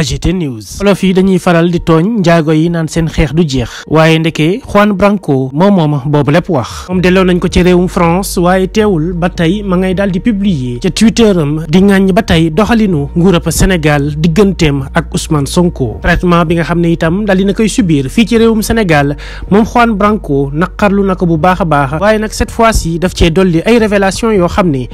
AGT News olof yi dañuy faral di tooñ njaago yi naan seen xeex du jeex waaye ndeke Juan Branco moom moom boobu lépp wax moom delloo nañ ko ci réewum France waaye teewul ba tey ma ngay daal di publier ca twitteram di ŋàññ ba tey doxalinu nguurab Sénégal digganteem ak Ousmane Sonko traitement bi nga xam ne itam daal dina koy subir fii ci réewum Sénégal moom Juan Branco naqarlu na ko bu baax a baax waaye nag cette fois ci daf cee dolli ay révélation yoo xam ne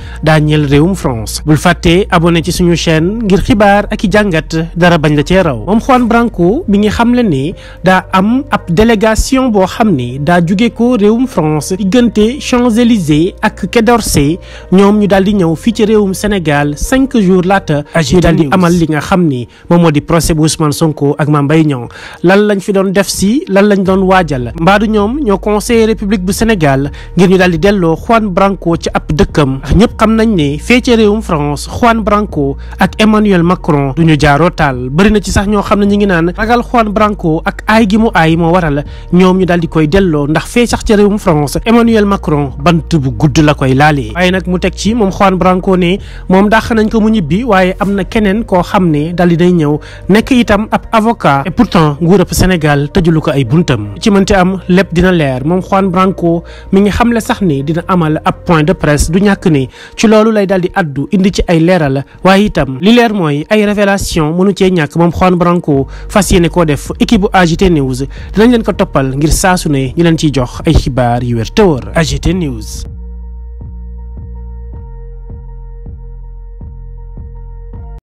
daa dara bañ la cee raw moom Juan Branco mi ngi xam le ne daa am ab délégation boo xam ne daa jóge ko réewum France diggante Champs-Élysées ak Quai d'Orsay ñoom ñu daal di ñëw fii ci réewum Sénégal cinq jours laata ñu daal di amal li nga xam ni moom moo di procès bu Ousmane Sonko ak ma mbay Niang lan lañ fi doon def si lan lañ doon waajal mbaadu ñoom ñoo conseiller république bu Sénégal ngir ñu daal delloo Juan Branco ci ab dëkkam ñëpp xam nañ ne fee ci réewum France Sénégal bëri na ci sax ñoo xam ne ñu ngi naan ragal Juan Branco ak aay gi mu aay moo waral ñoom ñu daal koy delloo ndax fee sax ca réewum France Emmanuel Macron bant bu gudd la koy laalee. waaye nag mu teg ci moom Juan Branco ne moom dàq nañ ko mu ñibbi waaye am na keneen koo xam ne daal di day ñëw nekk itam ab avocat et pourtant nguurab Sénégal tëjulu ko ay buntam. ci mënti am lépp dina leer moom Juan Branco mi ngi xamle sax ne dina amal ab point de presse du ñàkk ne ci loolu lay daal di addu indi ci ay ay révélation mënu cee ñàkk moom Juan Branco fas yéene def équipe bu AGT News dinañ leen ko toppal ngir saasu ne ñu leen ciy jox ay xibaar yu wér te wóor